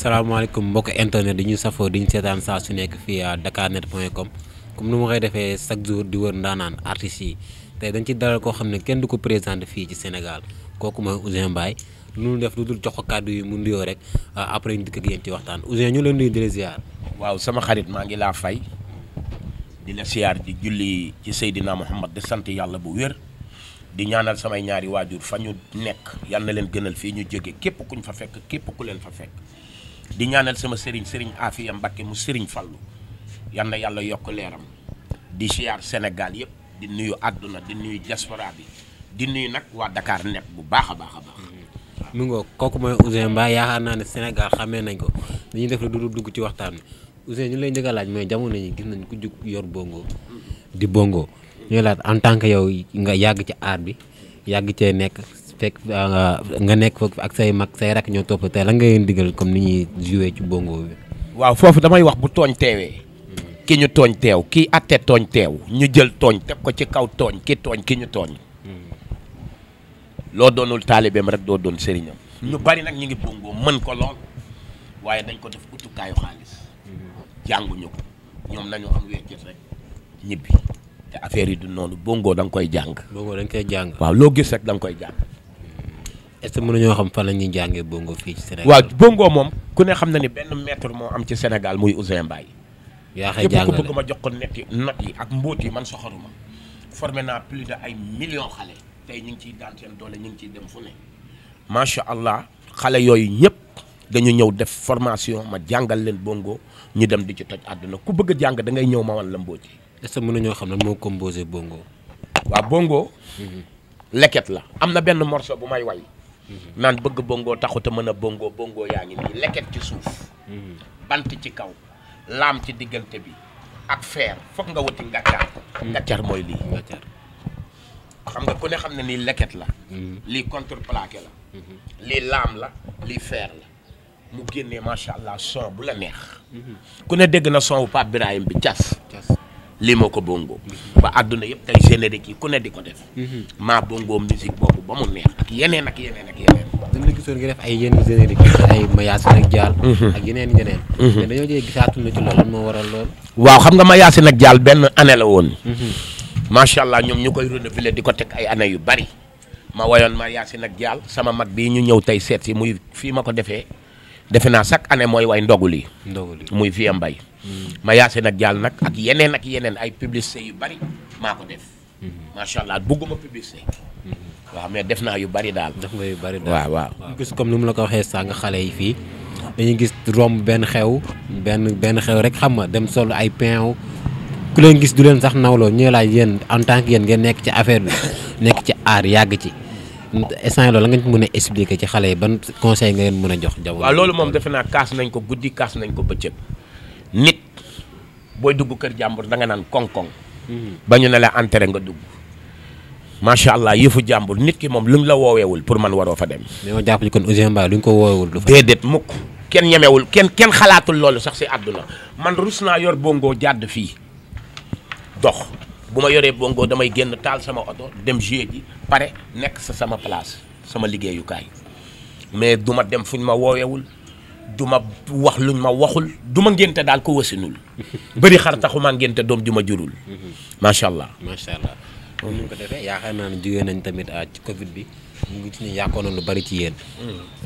salaamaaleykum mbokk internet di ñu safoo di ñu seetaan saa su nekk fii à dakarnet.com comme ni ma koy defee chaque jour di wër ndaanaan artistes yi te dañ ci dalal koo xam ne kenn du ko présenté fii ci Sénégal kooku mooy Ouzin Mbaye lu ñu def lu dul jox ko kàddu yi mu nuyoo rek euh, après ñu dikk ak yéen ci waxtaan Ouzin ñu leen nuyu di la waaw sama xarit maa ngi laa fay di la di julli ci Seydina Muhammad di sant yàlla bu wér di ñaanal samay ñaari waajur fa ñu nekk yal na leen gënal fii ñu jóge képp ku ñu fa fekk képp ku leen fa fekk. di ñaanal sama sëriñ sëriñ Afia Mbakke mu sëriñ Fallu yal na yàlla yokk leeram di siyaar senegal yëpp di nuyu àdduna di nuyu diaspora bi di nuyu nag waa Dakar net bu baax a baax a baax. mi ngoo kooku mooy Ouzin Mbaye yaakaar naa ne senegal xamee nañ ko dañuy def rek du dugg ci waxtaan bi Ouzin ñu lay njëkk laaj mooy jamono yi gis nañ ku jug yor bongo di bongo ñu laaj en tant que yow nga yàgg ci aar bi yàgg cee nekk. tek euh, nga nekk fa ak say mag say rak ñoo topp tey la ngay digal comme ni ñuy joué ci bongo bi. waaw foofu damay wax bu tooñ teewee. ki ñu tooñ teew kii atte tooñ teew ñu jël tooñ teg ko ci kaw tooñ ki tooñ ki ñu tooñ. loo doonul taalibeem rek doo doon sëriñam. ñu bari nag ñu ngi bongo mën ko lool waaye dañ ko def utukaayu xaalis. jànguñu ko ñoom nañu am weccet rek ñibbi. te affaire yi du noonu bongo danga koy jàng. bongo da koy jàng. waaw loo gis rek da koy jàng. est-ce que mënuñoo xam fan la ñuy jàngee bongo fii ci Sénégal. waaw bongo moom ku ne xam na ni benn maître moo am ci Sénégal muy Ouzin Mbaye. yaa xay jàngale képp ku ma jox ko net yi not ak mbóot yi man soxoruma formé naa plus ay millions xale tey ñu ngi ciy daan seen doole ñu ngi ciy dem fu ne. macha allah xale yooyu ñëpp dañu ñëw def formation ma jàngal leen bongo ñu dem di ci toj àdduna ku bëgg a jàng da ngay ñëw ma wan la mbóot yi. est-ce que xam ne moo composé bongo. waaw bongo. Mhm. leket la am na benn morceau bu may way naan bëgg bongo taxut mën a bongo bongo yaa ngi nii leket ci suuf. Hmm. bant ci kaw laam ci diggante bi ak feer foog nga wuti ngàccaar. ngàccaar hmm. mooy lii. xam nga ku ne xam ne nii leket la. Hmm. lii contreplaqué la. lii laam la lii feer la. mu génnee macha allah son bu la neex. ku ne dégg na son wu Pape bi cas. lii moo ko bongo ba àdduna yëpp tey générique yi ku ne di ko def mhm. maa bongo musique boobu ba mu neex ak yeneen ak yeneen ak yeneen dañ la def ay yenn générique ay Mayacine ak Dial mhm. ak yeneen yeneen mhm. mais dañoo jëlee gisaatul moo waral loolu waaw xam nga Mayacine ak jaal benn année la woon macha allah ñoom ñu koy renouveler di ko teg ay année yu bari ma woyoon Mayacine ak Dial sama mag bii ñu ñëw tey seet si muy fii ma ko defee defe naa chaque année mooy way ndogul yi ndogul yi muy fii mbay Mm-hmm. ma yaase nag jàll nag ak yeneen ak yeneen ay publicité yu bari maa ko def. Mm-hmm. macha allah bëgguma publicité. Mm-hmm. waaw mais def naa yu bari daal. def nga yu bari daal waaw waaw. gis comme ni mu la ko waxee sàng xale yi fii dañuy gis romb benn xew. benn benn xew rek xam ma dem sol ay pain ku leen gis du leen sax nawloo ñu laaj yéen en tant que ngeen nekk ci affaire bi nekk ci aar yàgg ci. instant loolu la nga mën a expliquer ci xale yi ban conseil nga leen mën a jox. jamono waaw loolu moom defe naa kaas nañ ko guddi kaas nañ ko bëccëg. booy dugg kër jàmbur da nga naan koŋ-koŋ. Mhm. ba ñu ne la entré nga dugg. macha allah yëfu jàmbur nit ki moom lu ñu la wooweewul pour man waroo fa dem. mais jàppale kon Ouzin Mbaye luñ ko wooweewul du fa. déedéet mukk kenn ñemewul kenn kenn xalaatul loolu sax si àdduna man rus naa yor bongo jàdd fii dox bu ma yoree bongo damay génn taal sama oto dem jouer ji pare nekk sa sama place sama liggéeyukaay mais duma dem fuñ ma wooweewul. du ma wax lu ma waxul du ma ngénte daal ko wasinul bëri xar taxu maa ngénte doom ju ma jurul mhm. macha allah macha allah moom ni ko defee yaakaar naa ne jógee nañ tamit ah, ci covid bi mu ngi ci ñu yàqoon lu bari ci yéen.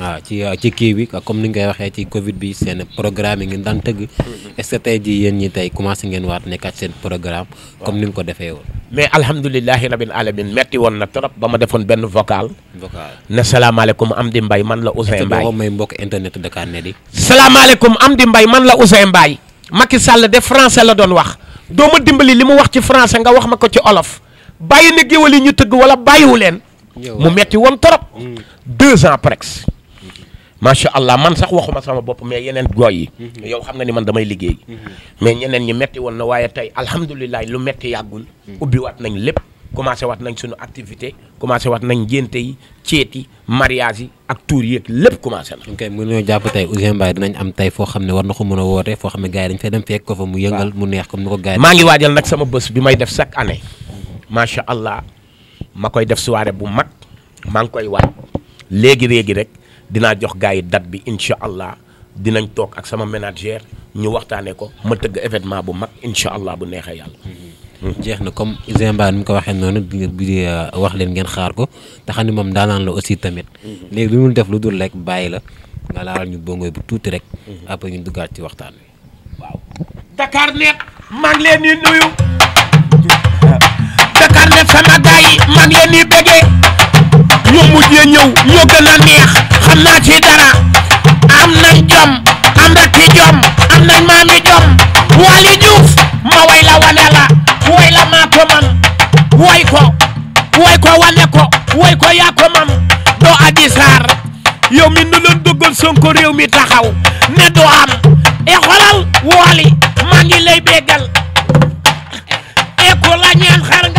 waaw ci euh, ci kii bi comme ni ngay waxee ci Covid bi seen programme yi ngeen daan tëgg. Mm-hmm. est-ce tey jii yéen ñi tey commencé ngeen waat nekkaat seen programme. comme ni nga ko defee woon. mais alhamdulilahi rabbil alamin metti woon na trop ba ma defoon benn vocal. vocal ne salaamaaleykum Amdy Mbaye man la Ouzin Mbaye. may mbokk internet Dakar ne di. salaamaaleykum Amdy Mbaye man la Ouzin Mbaye. Macky Sall de français la doon wax. doo ma dimbali li mu wax ci français nga wax ma ko ci olof. bàyyi na géwël yi ñu tëgg wala bàyyiwu leen. mu metti woon trop. Mm. deux ans presque. macha allah man sax waxuma sama bopp mais yeneen gooy yi. Mm-hmm. yow xam nga ni man damay liggéey. Mm-hmm. mais ñeneen ñi metti woon na waaye tey alhamdulilah lu metti yàggul. Mm. ubbiwaat nañ lépp. commencé waat nañ suñu activité commencé waat nañ ngénte yi ceet yi mariage yi ak tuur yeeg lépp commencé na. ok mën nañoo jàpp tey Ouzin Mbaye dinañ am xam ne war na ko mën a xam ne gars yi dañ dem fekk ko fa mu yëngal mu neex maa ngi waajal nag sama bés bi may def chaque année mm-hmm. macha allah ma koy def soirée bu mag maa ngi koy waaj léegi léegi rek dinaa jox gars yi date bi incha allah dinañ toog ak sama manager ñu waxtaanee ko ma tëgg événement bu mag incha allah bu neexee yàlla. Mm-hmm. jeex na comme Zimba ni mu ko waxee noonu di wax leen ngeen xaar ko te xam ne moom daanaan la aussi tamit. Mm-hmm. léegi lu ñu def lu dul rek bàyyi la nga laalal ñu bongoy bu tuuti rek. Mm-hmm. après ñu duggaat ci waxtaan wi. waaw Dakar net leen di nuyu. xaar def sama gaay man la ni bëggee ñu mujjee ñëw ñoo a neex xam naa ci dara am nañ jom am rakki jom am nañ maami jom Waly Diouf ma way la wane la way ko man way ko way ko wane ko way ko ko man doo aji saar mi nu leen dëggoon Sonko réew mi taxaw ne doo am e eh, xolal Waly maa ngi lay bégal e eh, ko la xar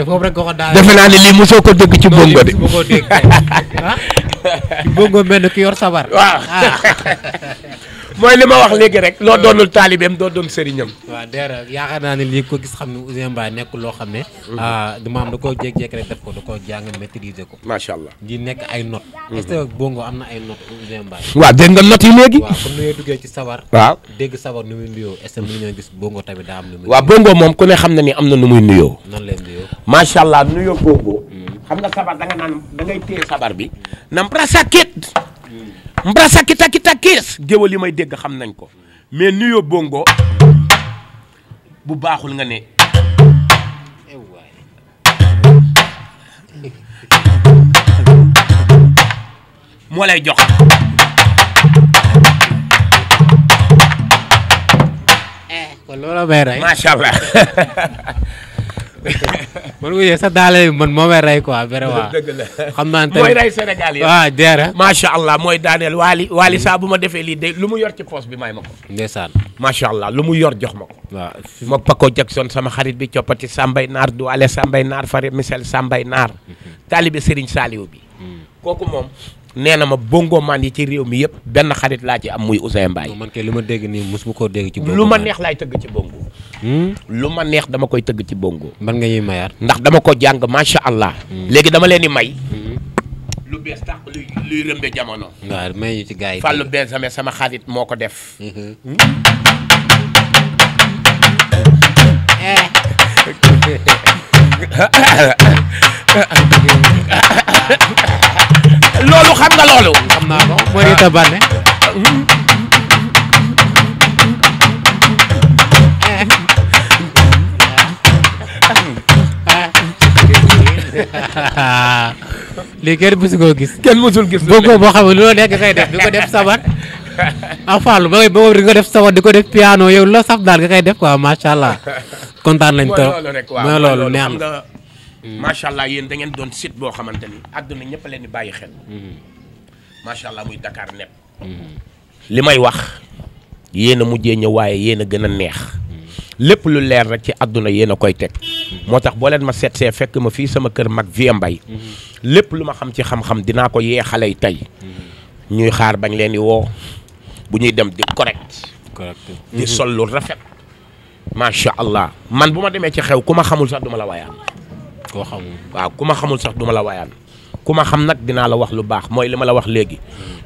foofu rek nga ko daal defe naa ne lii mosoo ko dégg ci bongo de. ci ah, bongo mel ne ki sabar. mooy li ma wax léegi rek loo euh, doonul taalibeem doo doon sëriñam waaw dara yaakaar naa ne lii ko gis xam ne Ouzin Mbaye nekk loo xam ne mhm. ah, maam da koo jékki rek def ko da koo jàng maîtriser ko macha allah di nekk ay not mhm. est-ce que bongo am na ay notes Ouzin Mbaye waaw dégg nga notes yi léegi waaw comme ni ngay duggee ci sabar waaw dégg sabar nu muy nuyoo est-ce que mën nañoo gis bongo tamit daa am nu muy waaw bongo moom ku ne xam na ni am na nu muy nuyoo nan lay macha allah nuyo bongo mm. xam nga sabar da nga naan da téye sabar bi nam rasaket mm. mbrasa kita kita kiis géwal yi may dégg xam nañ ko mais nuyo bongo bu baaxul nga ne moo lay jox eh, allah man bu sax daal man moo may rey quoi vraiment. dëgg xam naa ne mooy rey Sénégal yi waaw ah, jeera. macha allah mooy daaneel waali waali mm. saa bu ma defee lii de lu mu yor ci poos bi may ma ko. ndeysaan. macha allah lu mu yor jox ma ko. waaw moog Paco Jackson sama xarit bi coppati Sambay Naar du ale Sambay Naar fari Michel Sambay Naar. Mm-hmm. taalibe Serigne Saliou bi. Mm. kooku moom. nee na ma bongo man yi ci réew mi yëpp benn xarit laa ci am muy Ousseyn Mbaye. man li ma dégg nii mosuma koo dégg ci bongo lu ma neex laay tëgg ci bongo. Hmm? lu ma neex dama koy tëgg ci bongo. man nga ñuy mayaat. ndax dama ko jàng macha allah. Hmm. léegi dama leen di may. Hmm. lu bees tax luy luy rëmbe jamono. waaw may ci gars yi. Fallou Benjamin sama xarit moo ko def. Eh. loolu. xam naa ko Morita Bane. lii kenn mësu koo gis. kenn mësul gis lu boo xam ne loolu def di ko def sabar ah Fallou ba ngay boobu def sabar di ko def piano yow loo saf daal nga koy def quoi macha allah kontaan lañ trop mooy loolu neex na. macha allah yéen da ngeen doon site boo xamante ni àdduna ñëpp leen di bàyyi xel. Hmm. macha allah muy Dakar net li may wax yéen a mujjee ñëw waaye yéen a gën a neex lépp lu leer rek ci àdduna yéen a koy teg moo tax boo leen ma seetsee fekk ma fii sama kër mag vie mbay lépp lu ma xam ci xam-xam dinaa ko yee yi tey ñuy xaar bañ leen di woo bu ñuy dem di correct di sol lu rafet macha allah man bu ma demee ci xew ku ma xamul sax duma la waayaan koo xamul waaw ku ma xamul sax du ma la waayaan ku ma xam nag dinaa la wax lu baax mooy li ma la wax léegi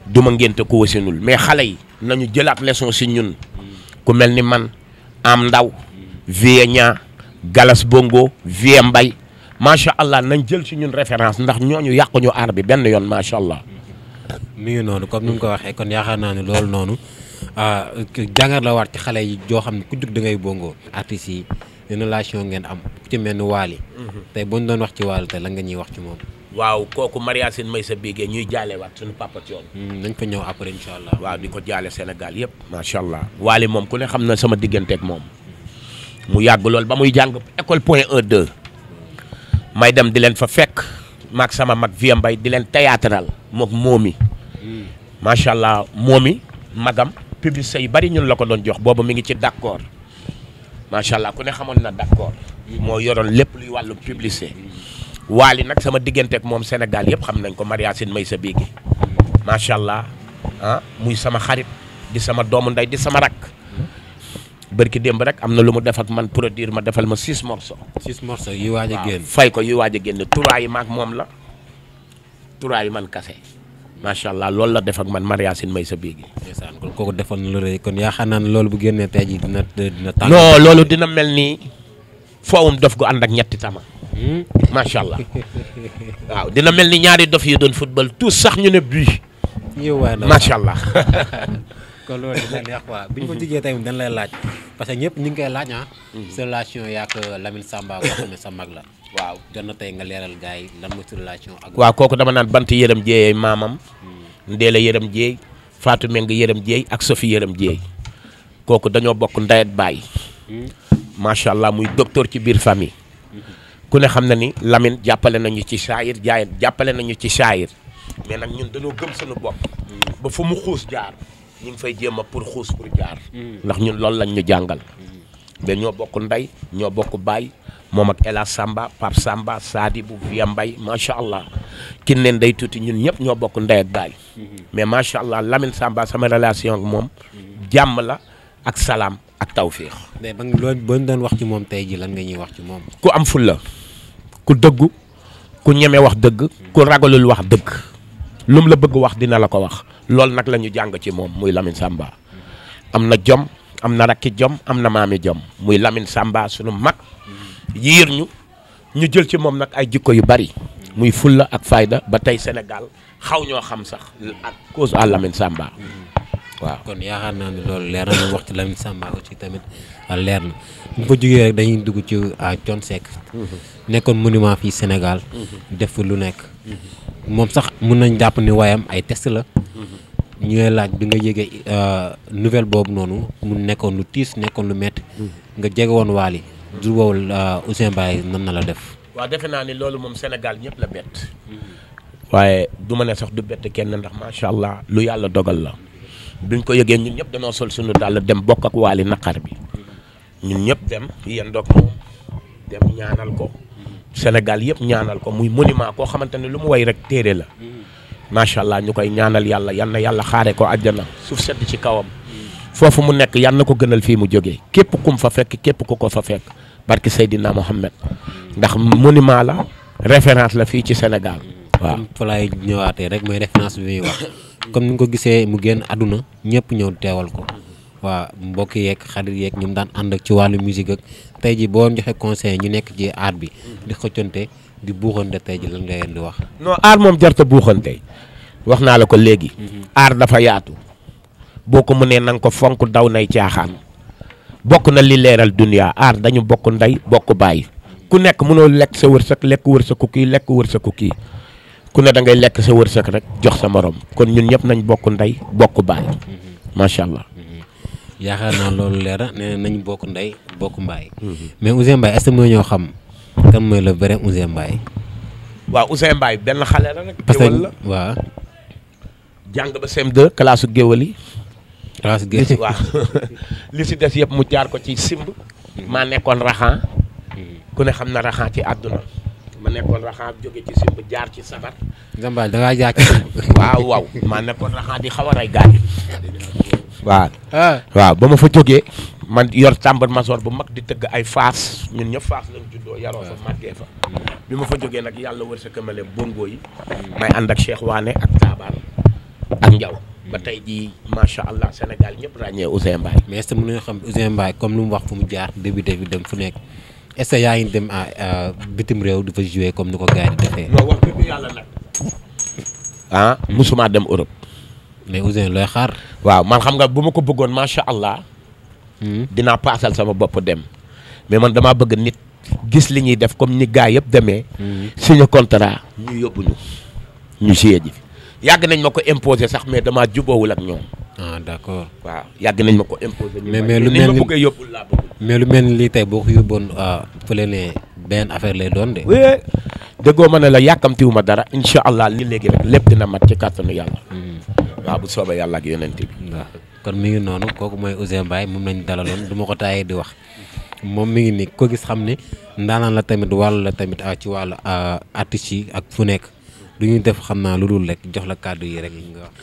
du ma ngénte ku wasinul mais xale yi nañu jëlaat leçon si ñun ku mel ni man am ndaw vie ñaa galas bongo vie mbay macha allah nañ jël ci ñun référence ndax ñoo ñooñu yàquñu aar bi benn yoon macha allah. mi ngi noonu comme ni mu ko waxee kon yaakaar naa ne loolu noonu ah, jàngat la war ci xale yi joo xam ne ku jug da ngay bongo. artistes yi relation ngeen am ku ci mel ni Wally mm-hmm. tey bu ñu doon wax ci Wally tey nga ñuy wax ci moom. waaw kooku Maria Sine Maysa Bigué ñuy jaale waat suñu papa Thione. Hmm, dañ ko ñëw après incha allah. waaw di ko jaale Sénégal yëpp. macha allah Waly moom ku ne xam na sama digganteeg moom. mu yàgg lool ba muy jàng école point eur de may dem di leen fa fekk. maak sama mag Vieux Mbaye di leen théâtral mook moomi. Hmm. macha allah moomi magam. publicité yu bari ñun la ko doon jox boobu mi ngi ci d'accord macha allah ku ne xamoon na d'accord. Hmm. moo yoroon lépp luy wàllu publicité. waali nag sama digganteeg moom Sénégal yëpp xam nañ ko Maria Sine may sa biigi macha allah ah, muy sama xarit di sama doomu ndey di sama rakk bërki démb rek am na lu mu def man produire ma defal ma six morceaux. six morceaux yu waaj a génn fay ko yu waaj a génn trois yi maak moom la trois yi man kase macha allah loolu la def man Maria Sine may sa biigi. ndeysaan kon kooku defoon na lu rëy kon yaakaar naa ne loolu bu génnee tey jii dina dina. tànn loolu dina mel ni. foowum dof gu ànd ak ñetti tama. Hmm? macha allah waaw dina mel ni ñaari dof yi doon football tous sax ñu ne bii. macha allah. kon loolu dina neex bi ñu ko jigee tamit dañ lay laaj parce que ñëpp ñu ngi koy laaj ah. sa hmm. relation yaak euh, Lamine Samba sa mag la. waaw jot na tey nga leeral gars yi lan mooy sa relation ak. waaw kooku dama naan bant yërëm jéey maamam. Hmm. Ndéla yërëm jéey Fatou Meng yërëm jéey ak Sophie yërëm jéey kooku dañoo bokk ndayet baay. macha allah muy docteur ci biir fami ku ne xam na ni Lamine jàppale nañu ci saayir jaay jàppale nañu ci saayir mais nag ñun dañoo gëm suñu bopp. ba fu mu xuus jaar ñu ngi fay jéem a pour xuus pour jaar. ndax ñun loolu lañ ñu jàngal. mais ñoo bokk ndey ñoo bokk baay moom ak El Samba Pape Samba Sadibou Viam Mbaye macha allah ki neen day tuuti ñun ñëpp ñoo bokk ndey ak baay. mais macha allah Lamine Samba sama relation ak moom jàmm la ak salaam. ak tawfiix. mais ba wax ci moom tey ji lan nga ñuy wax ci moom. ku am ful la ku dëggu ku ñeme wax dëgg ku ragalul wax dëgg lum la bëgg wax dina la ko wax loolu nag la ñu jàng ci moom muy lamin Samba am na jom am na rakki jom am na maami jom muy Lamine Samba sunu mag yiir ñu ñu jël ci moom nag ay jikko yu bari muy fulla ak fayda ba tey Sénégal xaw ñoo xam sax ak cause à Lamine Samba waaw kon yaakaar naa ne loolu leer na wax ci Lamine Samba aussi tamit ah, leer na bu ko jógee dañuy dugg ci à ah, Thione Seck mhm. nekkoon monument fii Sénégal mhm. def lu nekk mhm. moom sax mun nañ jàpp ni waayam ay test la ñu laaj bi nga yëgee euh, nouvelle boobu noonu mu nekkoon lu tiis nekkoon lu métti nga jege woon Waly jur boobu euh, Ouzin Mbaye nan na la def waaw defe naa ni loolu moom Sénégal ñëpp la bett waaye du ma ne sax du bett kenn ndax macha allah lu yàlla dogal la duñ ko yëgee ñun ñëpp danoo sol suñu dàll dem bokk ak waali naqar bi ñun ñëpp dem yéen doog moom dem ñaanal ko Sénégal yëpp ñaanal ko muy monument koo xamante ne lu mu way rek téere la macha allah ñu koy ñaanal yàlla yan na yàlla xaare ko ak àjjana suuf sedd ci kawam foofu mu nekk yan na ko gënal fii mu jógee képp kum fa fekk képp ku ko fa fekk barki Seydina Mohamed ndax monument la référence la fii ci Sénégal waaw fa laay ñëwaatee rek mooy référence bi muy comme ni nga ko gisee mu génn àdduna ñëpp ñëw teewal ko waa mbokk yeeg xarit yeeg ñu daan ànd ak ci wàllu musique ak tey ji boo joxe conseil ñu nekk ci aar bi di xëccante di buuxante tey ji lan nga di wax noo aar moom jarta buuxante wax naa la ko léegi aar dafa yaatu boo ko mënee na nga ko fonk daw nay caaxaan bokk na li leeral duniyaa aar dañu bokk ndey bokk bàyyi ku nekk mënoo lekk sa wërsëg lekk wërsëgu kii lekk wërsëgu kii ku ne da ngay lekk sa wërsëg rek jox sa moroom kon ñun ñëpp nañ bokk ndey bokk baay mm-hmm. macha allah. Mm-hmm. yaakaar naa loolu leer na nañ bokk ndey bokk mbaay. Mm-hmm. mais Ouzin Mbaye est-ce ñoo xam kan mooy le vrai Ouzin Mbaye. waaw Ouzin Mbaye benn xale la rek. parce que waaw. jàng ba CM2 classe géwël yi. classe géwël yi li si des yëpp mu jaar ko ci simb. maa nekkoon raxan ku ne xam na raxan ci àdduna. ma nekkoon raxaab jóge ci simb jaar ci sabar. Zambal da ngaa jaar ci simb. waaw waaw ma nekkoon raxaab di xaw a rey waaw. Ah. waaw ba ma fa jógee. man yor tàmbar masoor bu mag di tëgg ay faas ñun ñëpp faas lañ juddoo yaroo fa fa. bi ma fa jógee nag yàlla wër sa këmale bongo yi. may ànd ak Cheikh Waane ak Taabaan ak Njaw ba tey jii macha allah Sénégal ñëpp ràññee Ouzin Mbaye. mais est-ce xam Ouzin Mbaye comme lu mu wax fu mu jaar débuté bi dem fu nekk. est yaa ngi dem ah, ah, bitim réew du fa jouer comme ni ko gars yi di defee. non ah, musuma dem Europe. mais Ouzin looy xaar. waaw man xam nga bu ma ko bëggoon macha allah. Hmm? dinaa paasal sama bopp dem. mais man damaa bëgg nit gis li ñuy def comme ni gars yëpp demee. Hmm. signé contrat ñu yóbbu ñu. ñu siyee ji yàgg nañ ma ko imposer sax mais damaa juboowul ak ñoom. ah d' accord waaw yàgg nañ ma ko imposer. mais mais lu mel ni bëgg a yóbbul mais lu mel ni lii tey boo ko yóbboon ah, fële ne benn affaire lay doon de. déggoo ma ne la yàkkamtiwu ma dara incha allah li léegi rek lépp dina mat ci kàttanu yàlla. Hmm. waaw bu soobee yàlla ak yonent bi. waaw kon mi ngi noonu kooku mooy Ouzin Mbaye moom lañ dalaloon du ma ko taayee di wax. moom mi ngi ni ko gis xam ne ndaanaan la tamit wàllu la tamit ah, ci wàllu ah, artiste yi ak fu nekk. du ñu def xam naa lu dul rek jox la kàddu yi rek.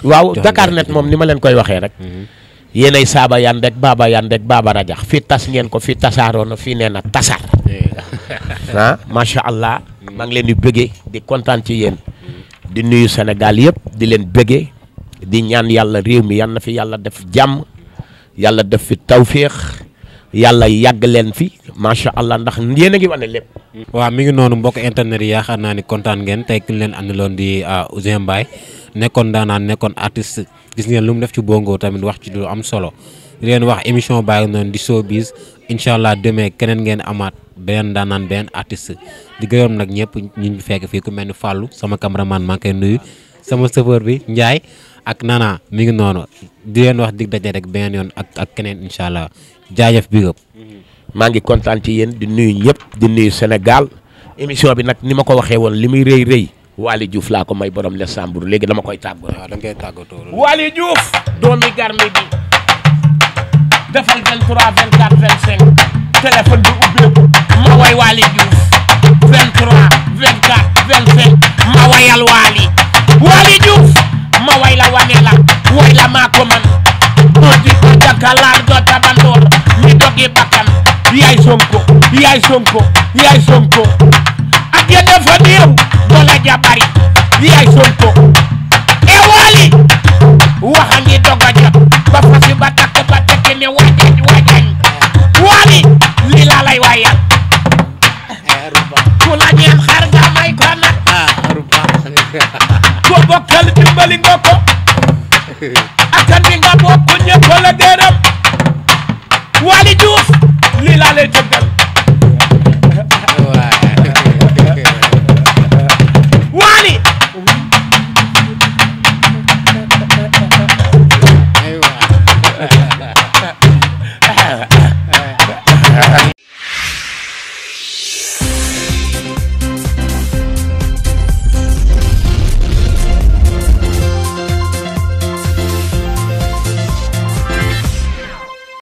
waaw Dakar net moom ni ma leen koy waxee rek. Mhm. yéenay saaba yan rek baaba yan rek baaba rajax fii tas ngeen ko fii tasaaroona fii nee na tasaar. ah allah. maa leen di bëggee di kontaan ci yéen. di nuyu Sénégal yëpp di leen bëggee. di ñaan yàlla réew mi yal na fi yàlla def jàmm. yàlla def fi tawféex. yàlla yàgg leen fi macha allah ndax yéen a ngi wane lépp. waaw mi ngi noonu mbokk internet yi naa ni kontaan ngeen tey ki ñu leen andiloon di uh, Ouzin baay nekkoon daanan nekkoon artiste gis ngeen lu mu def ci bongo tamit wax ci lu am solo di leen wax émission bàyyi noonu di showbiz incha allah demee keneen ngeen amaat beneen daanaan beneen artiste di gërëm nag ñëpp ñu fekk fii ku mel ni Fallou sama cameraman maa ngi nuyu. sama chauffeur bi Ndiaye ak Nana mi ngi noonu di leen wax dig daje rek beneen yoon ak ak keneen incha allah jaajëf bi mm-hmm. maa ngi kontaan ci yéen di nuyu ñëpp di nuyu Sénégal émission bi nag ni ma ko waxee woon li muy rëy rëy Waly Diouf laa ko may boroom les Sambour léegi dama koy tàggoo. waaw da ngay tàggatoo doomi garmi bi defal 23 24 25 téléphone bi ubbeeku ma way Waly Wally Diouf ma way la wane la way la maa ko man boo di ko jàkkalaar doo tabandoor mi dogi bakkan yaay Sonko yaay Sonko yaay Sonko ak ya dafa néew doole ja yaay Sonko e Wally waxa ngi doga ba fasi ba takk ba tekki ne wajañ wajañ Wally la ñeen eh, xar may ko ko bokkal dimbali nga ko askan bi nga